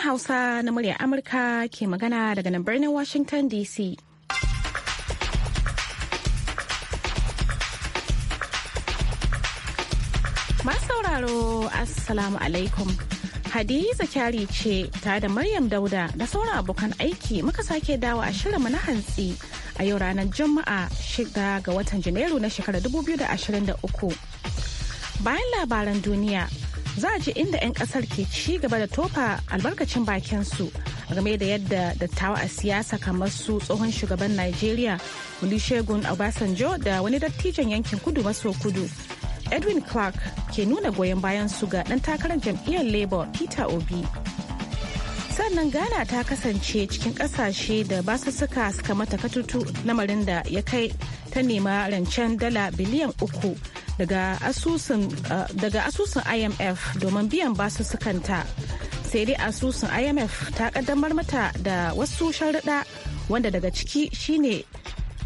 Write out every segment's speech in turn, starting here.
Sashen Hausa na murya Amurka ke magana daga nan birnin Washington DC. Masu sauraro Assalamu alaikum. Hadiza kyari ce ta da Maryam Dauda da sauran abokan aiki muka sake dawo a shirinmu na hantsi a yau ranar Juma'a shida ga watan Janairu na shekarar 2023. Bayan labaran duniya za a ji inda 'yan kasar ke ci gaba da tofa albarkacin bakin su game da yadda dattawa a siyasa kamar su tsohon shugaban Najeriya Olusegun Obasanjo da wani dattijan yankin kudu maso kudu Edwin Clark ke nuna goyon bayan su ga ɗan takarar jam'iyyar Labour Peter Obi. sannan ghana ta kasance cikin kasashe da ba suka suka mata katutu lamarin da ya kai ta nema rancen dala biliyan uku daga asusun uh, imf domin biyan basussukanta sai dai asusun imf ta kaddamar mata da wasu sharuɗa wanda daga ciki shine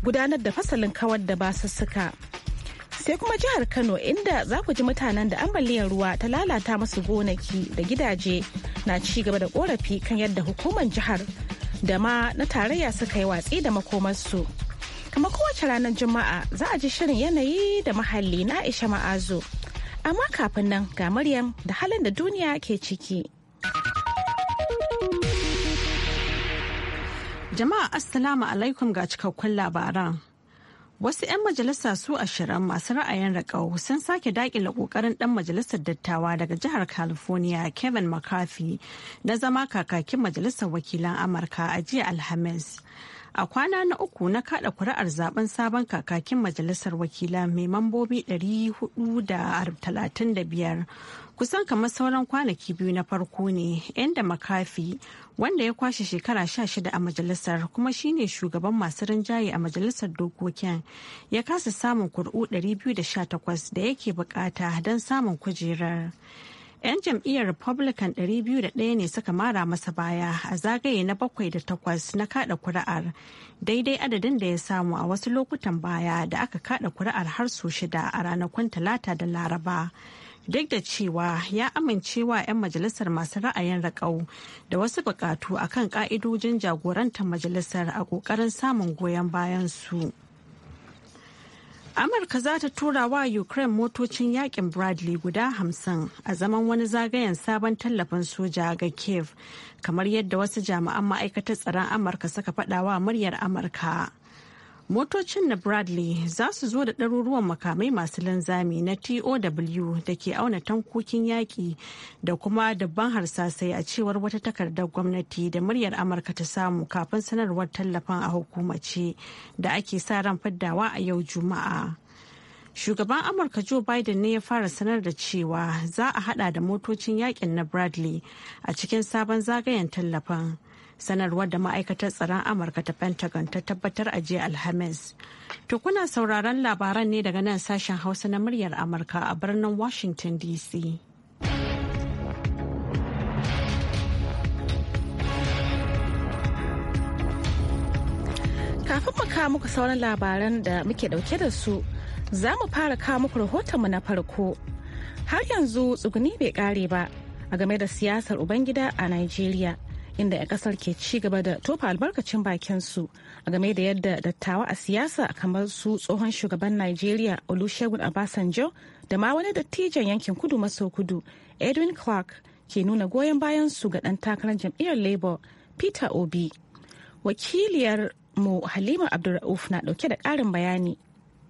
gudanar da fasalin kawar da basussuka sai kuma jihar kano inda za ku ji mutanen da ambaliyar ruwa ta lalata masu gonaki da gidaje na ci gaba da korafi kan yadda hukumar jihar da ma na tarayya suka yi watsi da makomarsu. su kamar kowace ranar Juma'a za a ji shirin yanayi da mahalli na Aisha Ma'azu. Amma kafin nan ga Maryam da halin da duniya ke ciki. Jama'a Assalamu alaikum ga cikakkun labaran. Wasu 'yan majalisa su ashirin masu ra'ayin raƙau sun sake daƙila ƙoƙarin ɗan majalisar dattawa daga jihar California Kevin McCarthy na zama kakakin majalisar wakilan Amurka a jiya Alhamis. a kwana na uku na kada kuri'ar zaben sabon kakakin majalisar wakila mai mambobi 435 kusan kamar sauran kwanaki biyu na farko ne inda makafi wanda ya kwashe shekara 16 a majalisar kuma shine shugaban masu rinjaye a majalisar dokokin ya kasa samun kuri'u 218 da yake bukata don samun kujerar. 'Yan jam'iyyar Republican 201 ne suka mara masa baya a zagaye na bakwai da takwas na kada kuri'ar daidai adadin da ya samu a wasu lokutan baya da aka kada kuri'ar har su shida a ranakun talata da laraba. Duk da cewa ya amincewa 'yan majalisar masu ra'ayin raƙau da wasu buƙatu kan ƙa'idojin jagorantar majalisar a ƙoƙarin samun goyon bayan su. Amurka za ta tura wa Ukraine motocin yakin Bradley guda hamsin a zaman wani zagayen sabon tallafin soja ga Kiev, kamar yadda wasu jami'an ma'aikatar tsaron Amurka suka faɗa wa muryar Amurka. motocin na bradley za su zo da ɗaruruwan makamai masu linzami na tow da ke auna tankokin yaƙi da kuma dabban harsasai a cewar wata takardar gwamnati da muryar amurka ta samu kafin sanarwar tallafin a hukumace da ake sa ran faddawa a yau juma'a shugaban amurka joe biden ne ya fara sanar da cewa za a hada da motocin yaƙin na bradley a cikin sabon zagayen tallafin sanarwar da ma'aikatar tsaron amurka ta pentagon ta tabbatar a jiya alhamis to kuna sauraron labaran ne daga nan sashen hausa na muryar amurka a birnin washington dc kafin mu kawo muku sauran labaran da muke dauke da su za mu fara kawo muku rahotonmu na farko har yanzu tsuguni bai kare ba a game da siyasar ubangida a nigeria inda a kasar ke ci gaba da tofa albarkacin bakin su a game da yadda dattawa a siyasa kamar su tsohon shugaban Najeriya Olusegun Obasanjo da ma wani dattijan yankin kudu maso kudu Edwin Clark ke nuna goyon bayan su ga ɗan takarar jam'iyyar Labour Peter Obi. Wakiliyar mu Halima Abdulrauf na ɗauke da ƙarin bayani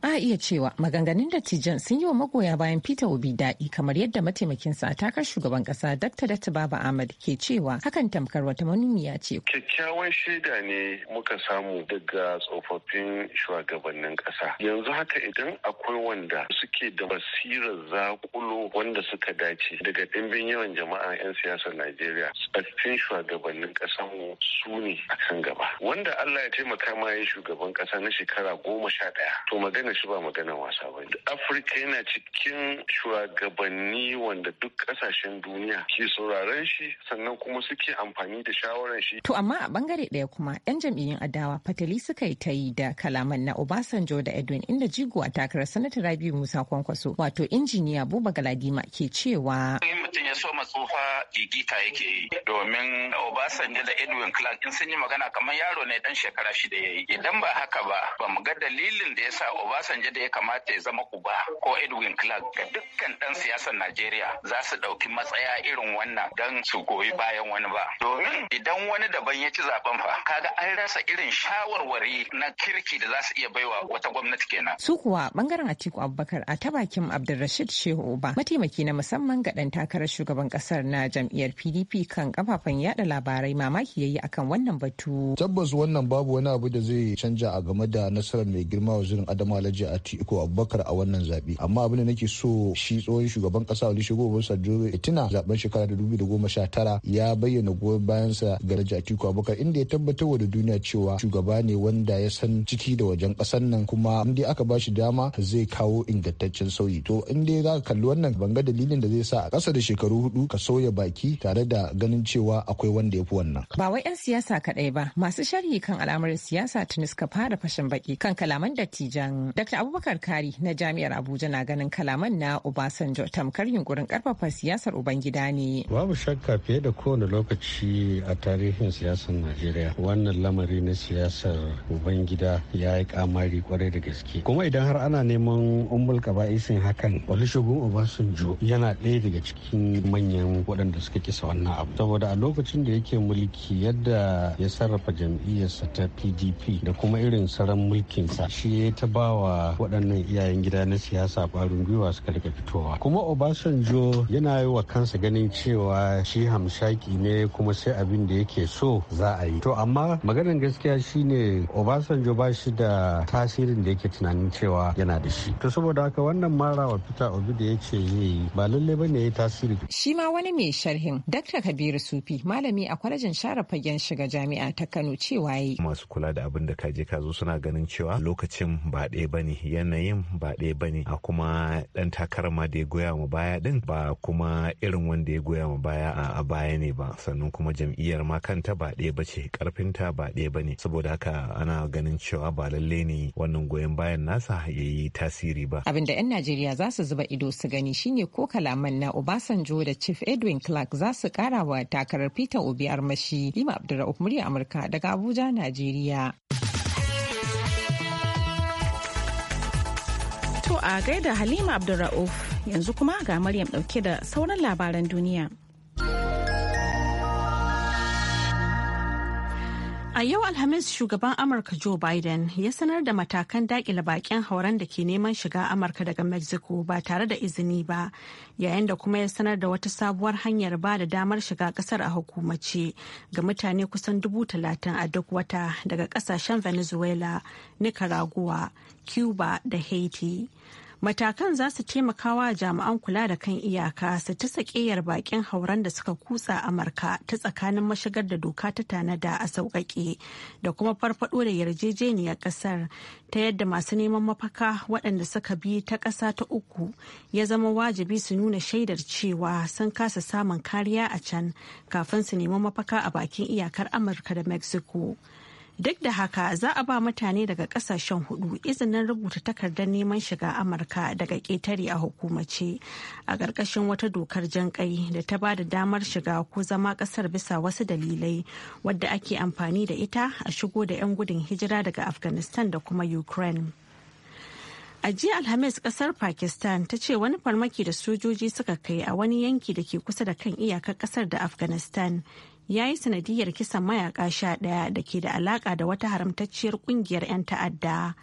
a iya cewa maganganun dattijan sun yi wa magoya bayan peter obi daɗi kamar yadda mataimakin sa a takar shugaban ƙasa dr Dr. baba ahmad ke cewa hakan tamkar wata manuniya ce kyakkyawan shaida ne muka samu daga tsofaffin shugabannin ƙasa yanzu haka idan akwai wanda suke da basirar zakulo wanda suka dace daga ɗimbin yawan jama'a 'yan siyasar najeriya tsaffin shugabannin ƙasanmu su ne a kan gaba wanda allah ya taimaka ma ya shugaban ƙasa na shekara goma sha ɗaya to magana shi ba magana wasa ba afirka yana cikin shugabanni wanda duk kasashen duniya ke sauraron shi sannan kuma suke amfani da shawaran shi to amma a bangare daya kuma yan jam'iyyun adawa fatali suka yi ta yi da kalaman na obasanjo da edwin inda jigo a takarar sanata rabiu musa kwankwaso wato injiniya buba galadima ke cewa mutum ya so matsufa digita yake yi domin obasanjo da edwin clark in sun yi magana kamar yaro ne dan shekara shida ya yi idan ba haka ba ba mu ga dalilin da ya sa obasanjo Obasanjo da ya kamata ya zama uba ko Edwin Clark ga dukkan ɗan siyasar Najeriya za su ɗauki matsaya irin wannan don su goyi bayan wani ba. Domin idan wani daban ya ci zaben fa kaga an rasa irin shawarwari na kirki da za su iya baiwa wata gwamnati kenan. Su kuwa bangaren Atiku Abubakar a ta bakin Abdulrashid Shehu Uba mataimaki na musamman ga ɗan takarar shugaban Kasar na jam'iyyar PDP kan kafafen yada labarai mamaki yayi akan wannan batu. Tabbas wannan babu wani abu da zai canja a game da nasarar mai girma wazirin Adamu alhaji atiku abubakar a wannan zaɓe amma abin da nake so shi tsohon shugaban ƙasa olusegun obasanjo ya tuna zaben shekara da dubu da goma sha tara ya bayyana goyon bayansa ga alhaji atiku abubakar inda ya tabbatar wa da duniya cewa shugaba ne wanda ya san ciki da wajen kasan nan kuma in dai aka ba shi dama zai kawo ingantaccen sauyi to in dai za ka kalli wannan banga dalilin da zai sa a kasa da shekaru hudu ka sauya baki tare da ganin cewa akwai wanda ya fi wannan. Ba wai 'yan siyasa kadai ba masu sharhi kan al'amuran siyasa tunis suka fara fashin baki kan kalaman dattijan Dr. Abubakar Kari na Jami'ar Abuja na ganin kalaman na Obasanjo tamkar yunkurin karfafa siyasar Ubangida ne. Babu shakka fiye da kowane lokaci a tarihin siyasar Najeriya. Wannan lamari na siyasar Ubangida ya yi kamari kwarai da gaske. Kuma idan har ana neman umul kaba'isin hakan, Olusegun Obasanjo yana ɗaya daga cikin manyan waɗanda suka kisa wannan abu. Saboda a lokacin da yake mulki yadda ya sarrafa jam'iyyarsa ta PDP da kuma irin saran mulkinsa shi ya ta bawa wa waɗannan iyayen gida na siyasa ɓarin gwiwa suka rika fitowa kuma obasanjo yana yi wa kansa ganin cewa shi hamshaki ne kuma sai abin da yake so za a yi to amma maganan gaskiya shine obasanjo ba shi da tasirin da yake tunanin cewa yana da shi to saboda haka wannan mara wa fita obi da ya ce zai yi ba lallai bane ya yi tasiri shi ma wani mai sharhin dr kabiru sufi malami a kwalejin share fagen shiga jami'a ta kano cewa yi masu kula da abin da kaje ka zo suna ganin cewa lokacin ba ɗaya ba ne yanayin ba ɗaya ba a kuma ɗan takarar ma da ya goya mu baya ɗin ba kuma irin wanda ya goya mu baya a baya ne ba sannan kuma jam'iyyar ma kanta ba ɗaya ba ce ƙarfinta ba ɗaya ba saboda haka ana ganin cewa ba lalle ne wannan goyon bayan nasa ya yi tasiri ba. Abin da 'yan Najeriya za su zuba ido su gani shine ko kalaman na Obasanjo da Chief Edwin Clark za su karawa takarar Peter Obi armashi. Lima Abdulrahman murya Amurka daga Abuja, Najeriya. a gaida Halima Abdulra'uf yanzu kuma ga Maryam dauke da sauran labaran duniya. A yau Alhamis shugaban Amurka Joe Biden ya sanar da matakan dakile bakin hauren da ke neman shiga Amurka daga Mexico ba tare da izini ba, yayin da kuma ya sanar da wata sabuwar hanyar ba da damar shiga kasar a hukumace ga mutane kusan dubu talatin a duk wata daga kasashen Venezuela, Nicaragua, Cuba da Haiti. Matakan za su taimaka wa jami'an kula da kan iyaka su ta tsakiyar bakin hauren da suka kutsa Amurka ta tsakanin mashigar da doka ta tanada a sauƙaƙe da kuma farfaɗo da yarjejeniyar ƙasar ta yadda masu neman mafaka waɗanda suka bi ta ƙasa ta uku ya zama wajibi su nuna shaidar cewa sun kasa samun kariya a can kafin su nemi mafaka a bakin iyakar Amurka da Mexico. Duk da haka za a ba mutane daga kasashen hudu izinin rubuta takardar neman shiga Amurka daga ƙetare a hukumace a ƙarƙashin wata dokar jan ƙai da ta ba da damar shiga ko zama ƙasar bisa wasu dalilai wadda ake amfani da ita a shigo da 'yan gudun hijira daga Afghanistan da kuma Ukraine. A jiya Alhamis kasar Pakistan ta ce wani farmaki da sojoji suka kai a wani yanki da ke kusa da kan iyakar kasar da Afghanistan ya yi sanadiyar kisan mayaka sha ɗaya da ke da alaka da wata haramtacciyar kungiyar 'yan ta'adda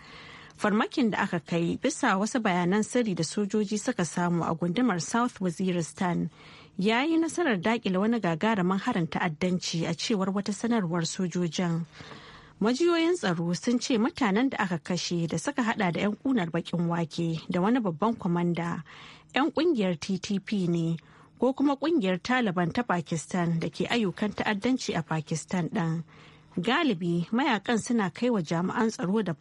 farmakin da aka kai bisa wasu bayanan sirri da sojoji suka samu a gundumar south waziristan ya yi nasarar daƙile wani gagarumin harin ta'addanci a cewar wata sanarwar sojojin majiyoyin tsaro sun ce mutanen da aka kashe da suka hada da 'yan kunar bakin wake da wani babban kwamanda 'yan kungiyar ttp ne ko kuma kungiyar taliban ta pakistan da ke ayyukan ta'addanci a pakistan ɗin galibi mayakan suna kai wa jami'an tsaro da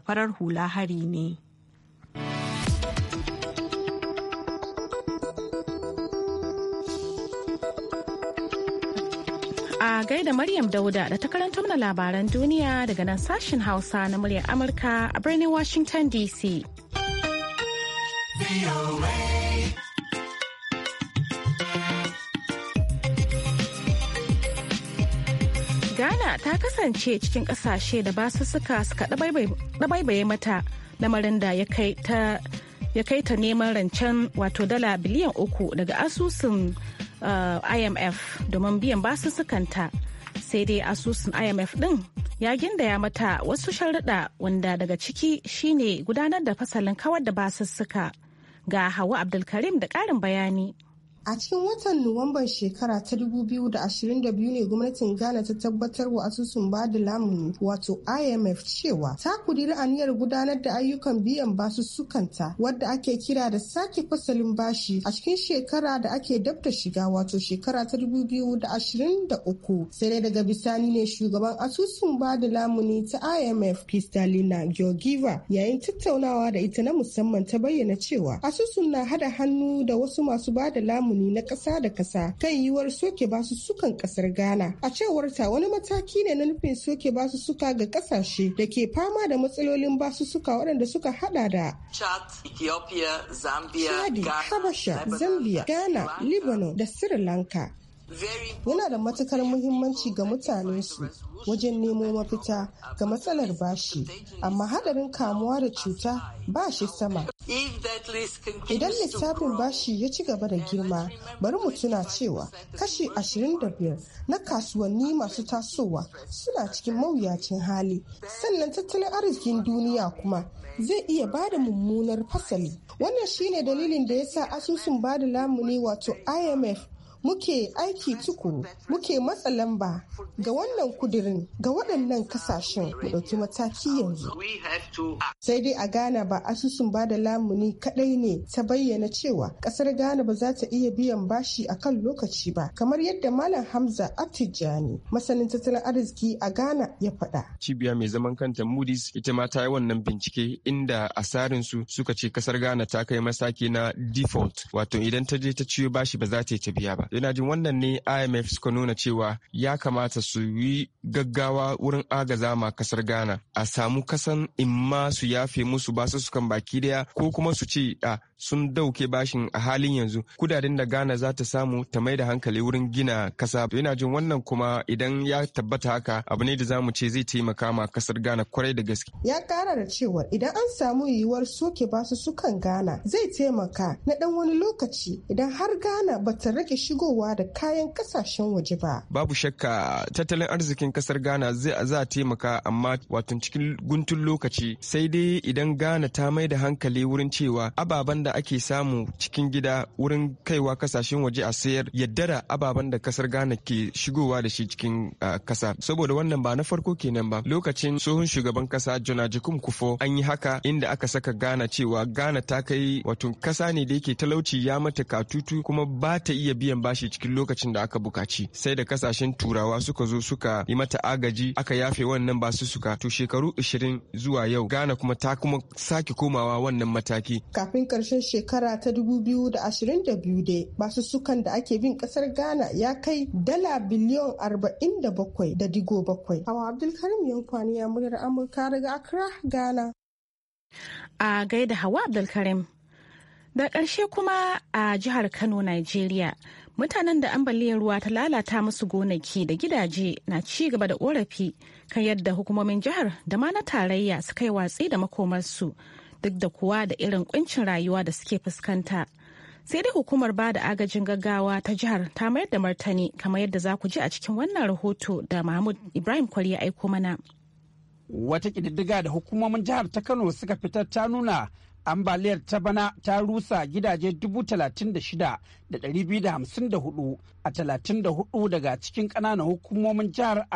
farar hula hari ne. a gaida Maryam Dauda da ta karanta mana labaran duniya daga nan sashen Hausa na muryar Amurka a birnin Washington DC. ghana ta kasance cikin kasashe da basussuka suka ɗabaibaye mata lamarin da ya kai ta neman rancen wato dala biliyan uku daga asusun uh, imf domin biyan basussukanta sai dai asusun imf din ya gindaya mata wasu sharuɗa wanda daga ciki shine gudanar da fasalin kawar da basussuka ga hawa abdulkarim da ƙarin bayani A cikin watan Nuwamban shekara ta 2022 ne gwamnatin Ghana ta tabbatar wa asusun bada lamuni wato IMF cewa ta kudiri aniyar gudanar da ayyukan biyan basu basussukanta wadda ake kira da sake fasalin bashi a cikin shekara da ake dabta shiga wato shekara ta 2023 sai dai daga bisani ne shugaban asusun bada lamuni ta IMF Kristalina Georgieva yayin tattaunawa da ita na musamman ta bayyana cewa asusun na hada hannu da wasu masu ba da lamuni rukuni na ƙasa da ƙasa kan yiwuwar soke basu sukan ƙasar Ghana. A cewarta wani mataki ne na nufin soke basu suka ga ƙasashe da ke fama da matsalolin basu suka waɗanda suka hada da Chad, Ethiopia, Zambia, Habasha, Zambia, Ghana, Lebanon da Sri Lanka. yana da matukar muhimmanci ga mutanensu. wajen nemo mafita ga matsalar bashi amma hadarin kamuwa da cuta ba shi sama idan lissafin bashi ya ci gaba da girma bari mu tuna cewa kashi 25 na kasuwanni masu tasowa suna cikin mawuyacin hali sannan tattalin arzikin duniya kuma zai iya ba da mummunar fasali wannan shine dalilin da ya sa asusun ba da lamuni wato imf muke aiki tukuru muke matsa lamba ga wannan kudirin ga waɗannan kasashen mu ɗauki mataki yanzu sai dai a ghana ba asusun ba da lamuni kaɗai ne ta bayyana cewa ƙasar ghana ba za ta iya biyan bashi a kan lokaci ba kamar yadda malam hamza atijani masanin tattalin arziki a ghana ya faɗa cibiya mai zaman kanta moody's ita ma ta yi wannan bincike inda asarin su suka ce kasar ghana ta kai masaki na default wato idan ta je ta ciyo bashi ba za ta yi ta biya ba ina jin wannan ne imf suka nuna cewa ya kamata su yi gaggawa wurin agaza ma kasar ghana a samu kasan imma su yafe musu ba su sukan baki daya ko kuma su ce a ah, sun dauke bashin a halin yanzu kudaden da ghana za ta samu ta mai da hankali wurin gina kasa ina jin wannan kuma idan ya tabbata haka abu ne da za mu ce zai taimaka ma kasar ghana kwarai da gaske ya kara da cewa idan an samu yiwuwar soke basu sukan ghana zai taimaka na dan wani lokaci idan har ghana ba ta rage shigowa da kayan kasashen waje ba babu shakka tattalin arzikin kasar ghana zai za taimaka amma wato cikin guntun lokaci sai dai idan ghana ta mai da hankali wurin cewa ababen da ake samu cikin gida wurin kaiwa kasashen waje a sayar yadda da ababen da kasar Ghana ke shigowa da shi cikin kasa. Saboda wannan ba na farko kenan ba. Lokacin tsohon shugaban kasa jona jikun Kufo an yi haka inda aka saka Ghana cewa Ghana ta kai wato kasa ne da yake talauci ya mata katutu kuma ba ta iya biyan bashi cikin lokacin da aka bukaci. Sai da kasashen turawa suka zo suka yi mata agaji aka yafe wannan basu suka to shekaru 20 zuwa yau Ghana kuma ta kuma sake komawa wannan mataki. Kafin karshen karshen shekara ta 2022 dai sukan da ake bin kasar ghana ya kai dala biliyon 47 da digo bakwai hawa abdulkarim yankwani ya muryar amurka daga accra ghana a gaida hawa abdulkarim da karshe kuma a jihar kano nigeria mutanen da ambaliyar ruwa ta lalata musu gonaki da gidaje na ci gaba da korafi kan yadda hukumomin jihar da ma na tarayya suka yi watsi da makomarsu duk da kuwa da irin kuncin rayuwa da suke fuskanta. Sai dai hukumar ba da agajin gaggawa ta jihar ta mayar da martani kamar yadda za ku ji a cikin wannan rahoto da Mahmud Ibrahim Kwari ya aiko mana. Wata ƙididdiga da hukumomin jihar ta Kano suka fitar ta nuna ambaliyar ta bana ta rusa gidaje 36,254 a 34 daga cikin ƙananan hukumomin jihar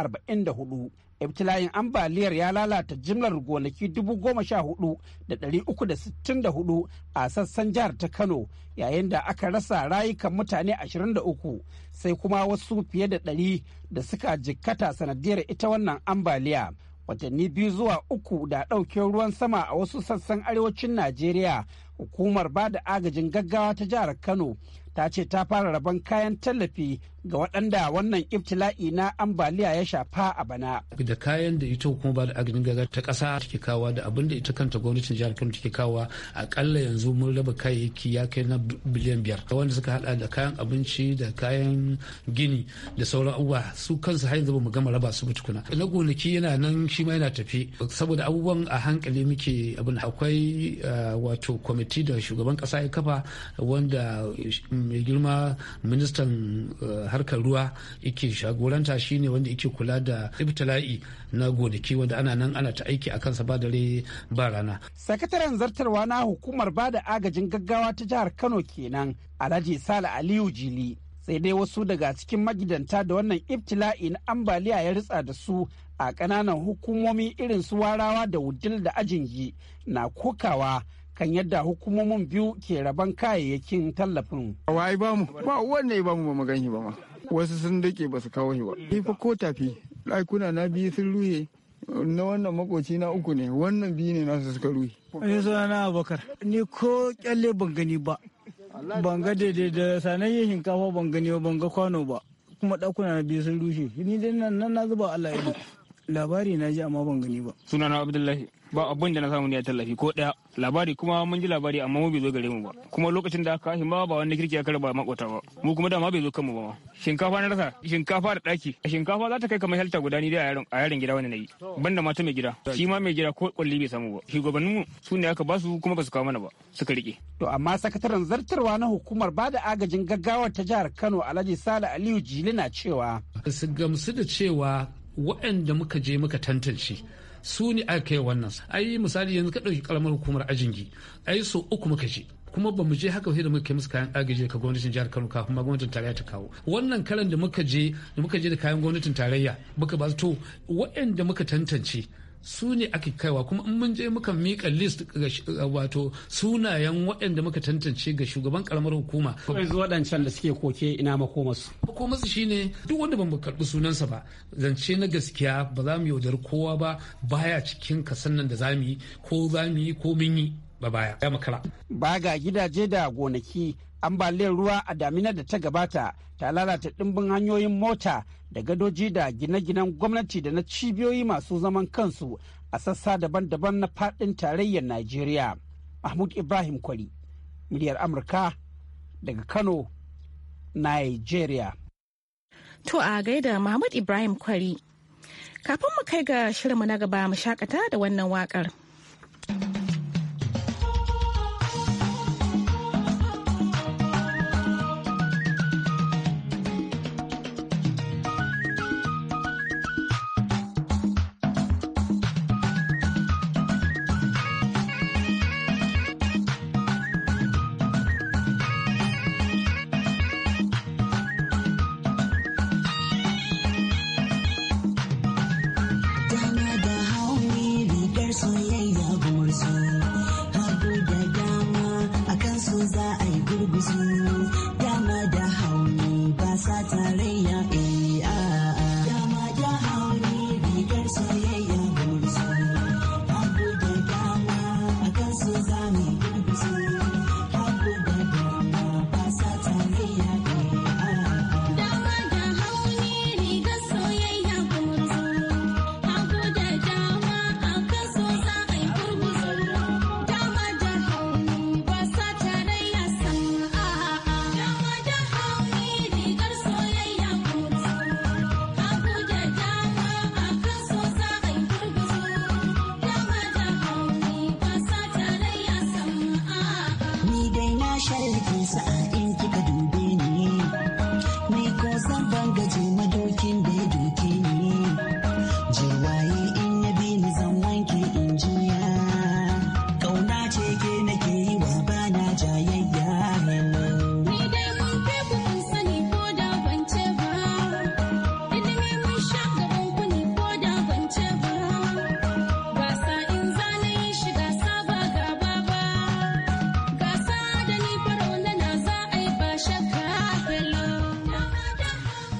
hudu. ibtila'in ambaliyar ya lalata jimlar gonaki dubu goma sha hudu da ɗari uku da sittin da hudu a sassan jihar ta kano yayin da aka rasa rayukan mutane ashirin da uku sai kuma wasu fiye da ɗari da suka jikkata sanadiyar ita wannan ambaliya watanni biyu zuwa uku da ɗauke ruwan sama a wasu sassan arewacin najeriya hukumar ba da agajin gaggawa ta jihar kano ta ce ta fara rabon kayan tallafi ga waɗanda wannan iftila'i na ambaliya ya shafa a bana. Da kayan da ita hukumar da agajin gaggawa ta ƙasa take kawa da abin da ita kanta gwamnatin jihar Kano take kawa akalla yanzu mun raba kayayyaki ya kai na biliyan biyar. Wanda suka hada da kayan abinci da kayan gini da sauran abubuwa su kansu har yanzu ba mu gama raba su ba tukuna. Na gonaki yana nan shi ma yana tafi saboda abubuwan a hankali muke abin akwai eh, wato kwamiti da shugaban ƙasa ya kafa wanda mm, mai girma ministan eh, harkar ruwa yake shagoranta shine wanda yake kula da ibtila'i na gonaki wanda ana nan ana ta aiki akan sa ba dare ba rana sakataren zartarwa na hukumar bada agajin gaggawa ta jihar Kano kenan Alhaji sala Aliyu Jili sai dai wasu daga cikin magidanta da wannan ibtila'i na ambaliya ya ritsa da su a ƙananan hukumomi irin su warawa da wudil da ajingi na kokawa kan yadda hukumomin biyu ke raban kayayyakin tallafin. Wai ba mu ba wanne ba mu ba mu ganshi ba ma. Wasu sun dake ba su kawo shi ba. Ni fa ko tafi ɗakuna na biyu sun ruhe na wannan makoci na uku ne wannan biyu ne nasu suka ruhe. Ni suna na Abubakar. Ni ko kyalle ban gani ba. Ban ga daidai da sanayyar shinkafa ban gani ba ban ga kwano ba. Kuma ɗakuna na biyu sun rushe. Ni dai nan na zuba Allah ya labari na ji amma ban gani ba. Sunana Abdullahi ba abin da na samu ne a tallafi ko ɗaya. labari kuma mun ji labari amma mu bai zo gare mu ba kuma lokacin da aka kashi ma ba wani kirki ya karba makota ba mu kuma da ma bai zo mu ba shinkafa na rasa shinkafa da daki shinkafa za ta kai kamar halta guda ni da a yaron gida wani nayi banda mata mai gida shi ma mai gida ko kwalli bai samu ba shugabanninmu su ne aka basu kuma ba su kawo mana ba suka rike to amma sakataren zartarwa na hukumar bada agajin gaggawa ta jihar Kano Alhaji Sale Aliyu Jili na cewa su gamsu da cewa waɗanda muka je muka tantance su ne aka kai wannan ai misali yanzu ka ɗauki karamar hukumar ajingi ai so uku muka je kuma ba mu je haka sai da muka kai musu kayan agaji ka gwamnatin jihar Kano ka kuma gwamnatin tarayya ta kawo wannan kalan da muka je da muka je da kayan gwamnatin tarayya muka ba to waɗanda muka tantance su ne ake kaiwa kuma in mun je muka mika list wato sunayen waɗanda muka tantance ga shugaban karamar hukuma. ko yanzu waɗancan da suke koke ina makomasu. makomasu shine duk wanda ban karɓi sunansa ba zance na gaskiya ba za mu yaudar kowa ba baya cikin kasan nan da za mu yi ko za mu yi ko mun yi ba baya ya makara. ba ga gidaje da gonaki ambaliyar ruwa a daminar da ta gabata ta lalata ɗimbin hanyoyin mota da gadoji da gine-ginen gwamnati da na cibiyoyi masu zaman kansu a sassa daban-daban na faɗin tarayyar najeriya mahmud ibrahim kwari miliyar amurka daga kano nigeria to a gaida mahmud ibrahim kwari kafin mu kai ga shirin mu na gaba mu shakata da wannan waƙar.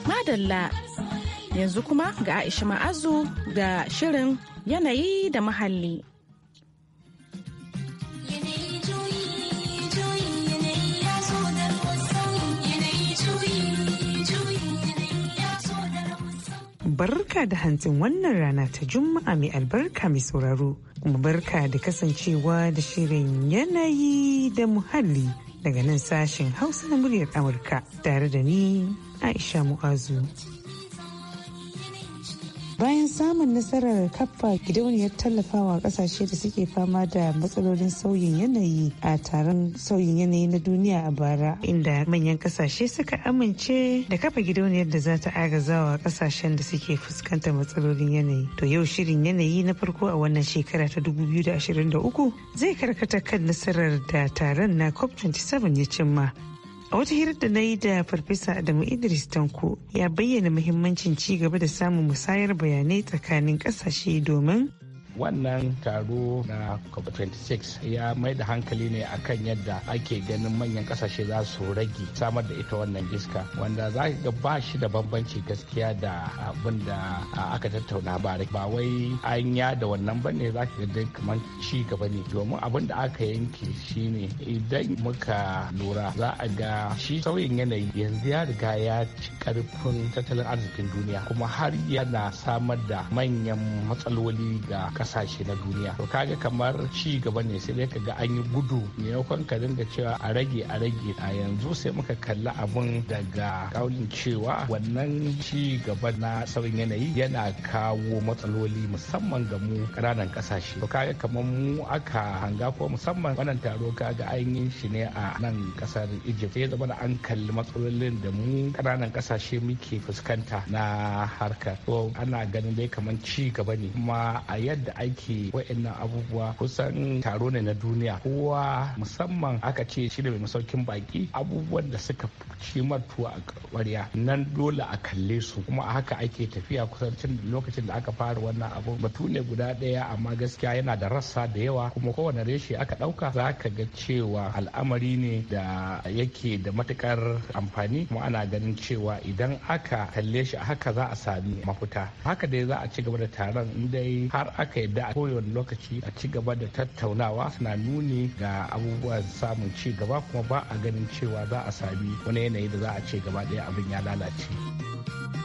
Madalla yanzu kuma ga Aisha Ma'azu ga shirin yanayi da muhalli. barka da hantsin wannan rana ta juma'a mai albarka mai sauraro kuma barka da kasancewa da shirin yanayi da muhalli daga nan sashen hausa na muryar amurka tare da ni Aisha Mu'azu. bayan samun nasarar kafa gidauniyar tallafawa kasashe da suke fama da matsalolin sauyin yanayi a taron sauyin yanayi na duniya a bara inda manyan kasashe suka amince da kafa gidauniyar da za ta agazawa kasashen da suke fuskanta matsalolin yanayi to yau shirin yanayi na farko a wannan shekara ta 2023 zai karkata kan nasarar da taron na cop 27 ya cimma A wata hirar da na yi da Farfesa Adamu Idris Tanko ya bayyana muhimmancin ci gaba da samun musayar bayanai tsakanin ƙasashe domin wannan taro na cop26 ya mai da hankali ne akan yadda ake ganin manyan kasashe za su rage samar da ita wannan iska wanda za ga ba shi da bambanci gaskiya da abin da aka tattauna ba ba wai an da wannan ba ne za ga dai kamar ci gaba ne domin abin da aka yanke shine idan muka lura za a ga shi sauyin yanayi yanzu ya riga ya ci karfin tattalin arzikin duniya kuma har yana samar da manyan matsaloli ga kasashe na duniya to kaga kamar ci gaba ne sai dai kaga an yi gudu maimakon ka dinga cewa a rage a rage a yanzu sai muka kalli abun daga kaulin cewa wannan ci gaba na sauyin yanayi yana kawo matsaloli musamman ga mu ƙananan kasashe to kaga kamar mu aka hanga ko musamman wannan taro kaga an yi shi ne a nan kasar Egypt sai zama an kalli matsalolin da mu ƙananan kasashe muke fuskanta na harkar to ana ganin dai kamar ci gaba ne kuma a yadda da ake wa'annan abubuwa kusan taro ne na duniya kowa musamman aka ce shi da mai masaukin baki abubuwan da suka ci martuwa a kwariya nan dole a kalle su kuma a haka ake tafiya kusancin lokacin da aka fara wannan abu batu ne guda ɗaya amma gaskiya yana da rassa da yawa kuma kowane reshe aka ɗauka za ka ga cewa al'amari ne da yake da matukar amfani kuma ana ganin cewa idan aka kalle shi haka za a sami mafuta haka dai za a ci gaba da taron in dai har aka yadda a kowane lokaci a ci gaba da tattaunawa suna nuni ga abubuwan samun ci gaba kuma ba a ganin cewa za a sami wani yanayi da za a ce gaba ɗaya abin ya lalace.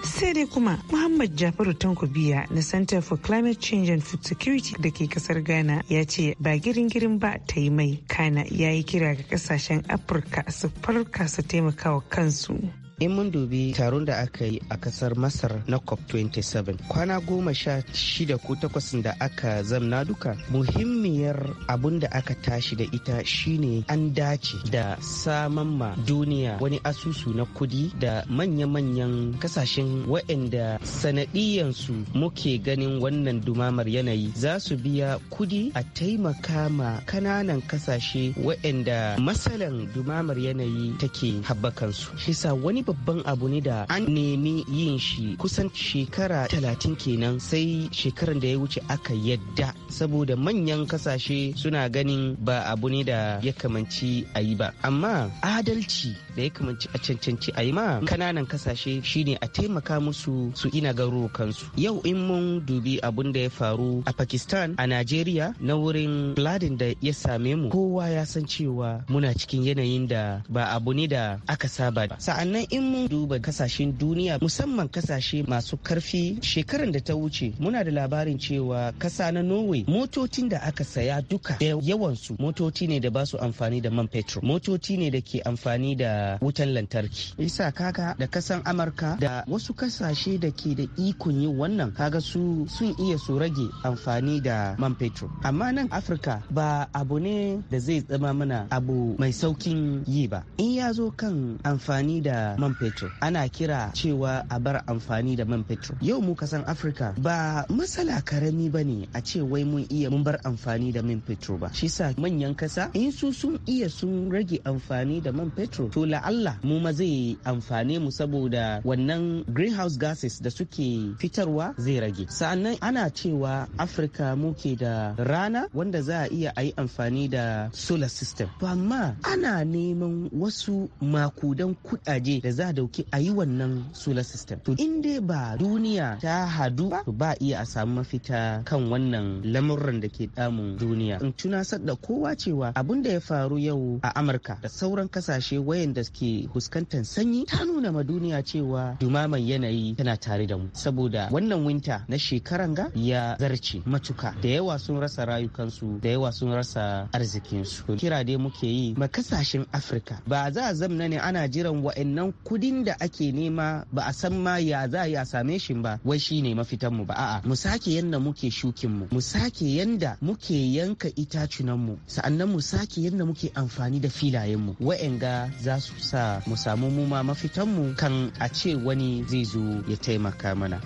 sai dai kuma muhammad jafaru biya na center for climate change and food security da ke kasar ghana ya ce ba girin-girin ba ta yi mai kana ya yi kira ga kasashen afirka su farka su taimaka wa kansu in mun dubi taron da aka yi a kasar masar na cop 27 kwana goma sha shida ko takwas da aka zamna duka muhimmiyar abun da aka tashi da ita shine an dace da saman ma duniya wani asusu na kudi da manya-manyan kasashen wa'anda sanadiyansu muke ganin wannan dumamar yanayi za su biya kudi a taimaka ma kananan kasashe wayanda matsalan dumamar yanayi take haɓakansu Shisa wani babban abu ne da an nemi yin shi kusan shekara talatin kenan sai shekaran da ya wuce aka yadda saboda manyan kasashe suna ganin ba abu ne da ya kamanci a yi ba amma adalci da ya kamanci a cancanci a yi ma kananan kasashe shine a taimaka musu su ina garo kansu yau in mun dubi abun da ya faru a pakistan a najeriya na wurin ladin da ya same mu kowa ya san cewa muna cikin yanayin da ba abu ne da aka saba ba sa'annan in mun duba kasashen duniya musamman kasashe masu karfi shekaran da ta wuce muna da labarin cewa kasa na norway motocin da aka saya duka da yawansu motoci ne da ba su amfani da man fetur motoci ne da ke amfani da wutan lantarki isa kaga da kasan amurka da wasu kasashe da ke da ikon yin wannan kaga su sun iya su rage amfani da man fetur amma nan afirka ba abu ne da zai zama mana abu mai saukin yi ba in ya zo kan amfani da man man fetur ana kira cewa a bar amfani da man fetur yau mu kasan afirka ba matsala karami ba ne a ce wai mun iya mun bar amfani da man fetur ba shi sa manyan kasa in su sun iya sun rage amfani da man fetur to la'alla mu ma zai amfane mu saboda wannan greenhouse gases da suke fitarwa zai rage sa'annan ana cewa afirka muke da rana wanda za a iya a yi amfani da solar system amma ana neman wasu makudan kudaje da za a dauki a yi wannan solar system to in dai ba duniya ta hadu ba To ba iya a samu mafita kan wannan lamurran da ke damun duniya in tunasar da kowa cewa abin da ya faru yau a amurka da sauran kasashe wayan da ke fuskantar sanyi ta nuna ma duniya cewa dumaman yanayi tana tare da mu saboda wannan winta na shekaran ga ya zarce matuka da yawa sun rasa rayukansu da yawa sun rasa arzikinsu kira dai muke yi ma kasashen afirka ba za a zamna ne ana jiran wa'annan kudin da ake nema ba a san ma ya za a same shi ba wai shine mafitan mu ba a'a mu sake yanda muke shukin mu mu sake yanda muke yanka itacunan mu sa'annan mu sake yanda muke amfani da filayen mu wa'anga za su sa mu samu mu ma mafitan mu kan a ce wani zai zo ya taimaka mana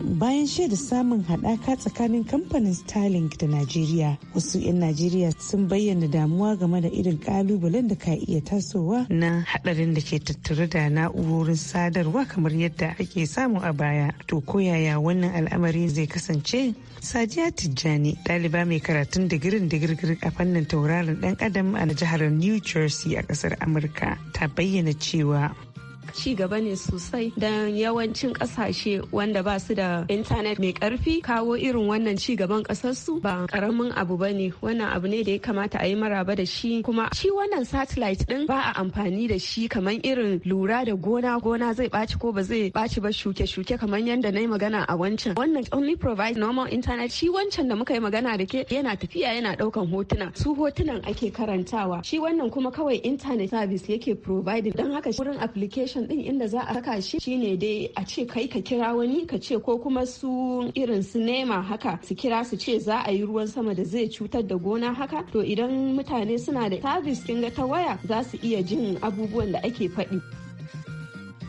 bayan shaida samun haɗaka tsakanin kamfanin starlink da najeriya wasu 'yan najeriya sun bayyana damuwa game da irin kalubalen da ka iya tasowa na haɗarin da ke tattare da na'urorin sadarwa kamar yadda ake samu a baya to koyaya wannan al'amari zai kasance sadiya tijjani ɗaliba mai karatun digirin digirgir a fannin tauraron ɗan adam a jihar new jersey a ƙasar amurka ta bayyana cewa ci gaba ne sosai don yawancin kasashe wanda ba su da intanet mai karfi kawo irin wannan ci gaban kasarsu ba karamin abu ba ne wannan abu ne da ya kamata a yi maraba da shi kuma shi wannan satellite din ba a amfani da shi kamar irin lura da gona gona zai ɓaci ko ba zai ɓaci ba shuke shuke kamar yadda na yi magana a wancan wannan only provide normal internet shi wancan da muka yi magana da ke yana tafiya yana ɗaukan hotuna su hotunan ake karantawa shi wannan kuma kawai internet service yake providing. don haka wurin application solution din inda za a saka shi shine dai a ce kai ka kira wani ka ce ko kuma su irin su nema haka su kira su ce za a yi ruwan sama da zai cutar da gona haka to idan mutane suna da sabis kinga ta waya za su iya jin abubuwan da ake faɗi.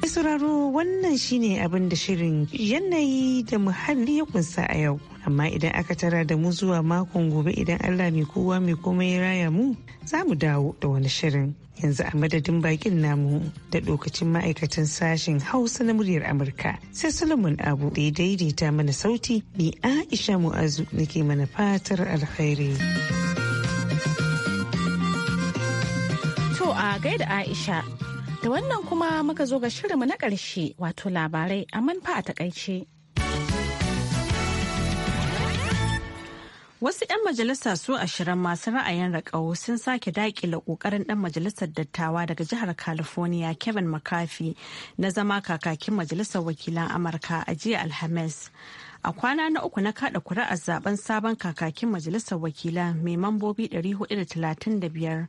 sauraro wannan shine abin da shirin yanayi da muhalli ya kunsa a yau amma idan aka tara da mu zuwa makon gobe idan allah mai kowa mai komai ya raya mu za mu dawo da wani shirin yanzu a madadin bakin namu da lokacin ma'aikatan sashen hausa na muryar amurka sai solomon abu da ya daidaita mana sauti ni aisha mu'azu nake mana fatar alkhairi to a gaida aisha Da wannan kuma muka zo ga shirinmu na ƙarshe wato labarai a manfa a takaice. Wasu 'yan majalisa su ashirin masu ra'ayin raƙau sun sake daƙila ƙoƙarin ɗan majalisar dattawa daga jihar California Kevin McCarthy na zama kakakin majalisar wakilan Amurka a jiya Alhamis. a kwana na uku na kada ƙuri'ar zaben sabon kakakin majalisar wakilan mai mambobi 435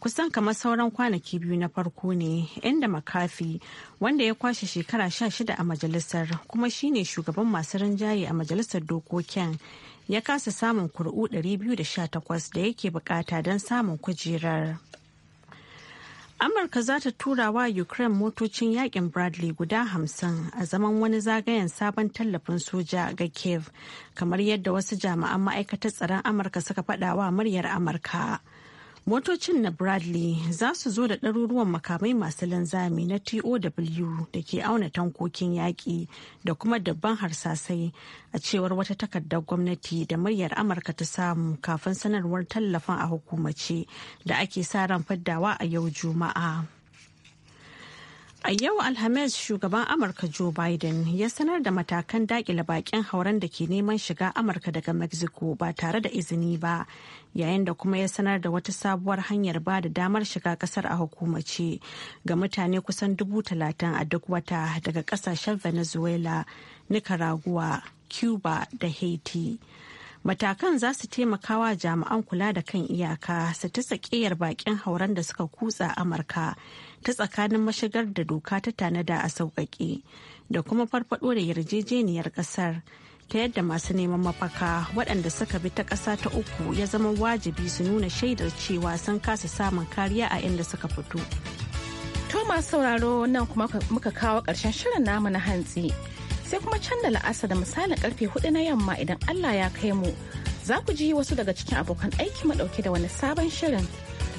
kusan kamar sauran kwanaki biyu na farko ne inda makafi wanda ya kwashe shekara sha shida a majalisar kuma shine shugaban masu rinjaye a majalisar dokokin ya kasa samun kuri'u 218 da yake bukata don samun kujerar amurka za ta tura wa ukraine motocin yakin bradley guda hamsin a zaman wani zagayen sabon tallafin soja ga kiev kamar yadda wasu jami'an ma'aikatar tsaron amurka suka faɗa wa muryar amurka. motocin na bradley za su zo da ɗaruruwan makamai masu linzami na tow da ke auna tankokin yaƙi da kuma dabban harsasai a cewar wata takardar gwamnati da muryar amurka ta samu kafin sanarwar tallafin a hukumace da ake sa ran faddawa a yau juma'a. A yau Alhamis shugaban Amurka Joe Biden ya sanar da matakan dakile bakin hauren da ke neman shiga Amurka daga Mexico ba tare da izini ba, yayin da kuma ya sanar da wata sabuwar hanyar ba da damar shiga kasar a hukumace ga mutane kusan dubu talatin a duk wata daga kasashen Venezuela, Nicaragua, Cuba da Haiti. matakan za su taimaka jami'an kula da kan iyaka su ta sakiyar bakin hauren da suka kutsa amurka ta tsakanin mashigar da doka ta tanada a sauƙaƙe da kuma farfaɗo da yarjejeniyar ƙasar ta yadda masu neman mafaka waɗanda suka bi ta ƙasa ta uku ya zama wajibi su nuna shaidar cewa sun kasa samun kariya a inda suka fito. To masu sauraro nan kuma muka kawo ƙarshen shirin namu na hantsi. sai kuma canza da la'asa da misalin karfe hudu na yamma idan Allah ya kai mu za ku ji wasu daga cikin abokan aiki madauke da wani sabon shirin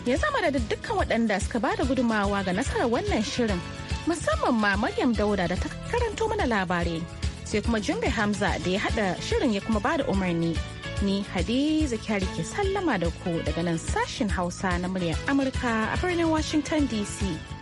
ya zama da dukkan waɗanda suka ba da gudummawa ga nasarar wannan shirin musamman ma Maryam Dauda da ta karanto mana labarai sai kuma Jumbe Hamza da ya haɗa shirin ya kuma ba da umarni ni Hadiza Kyari ke sallama da ku daga nan sashin Hausa na muryar Amurka a birnin Washington DC.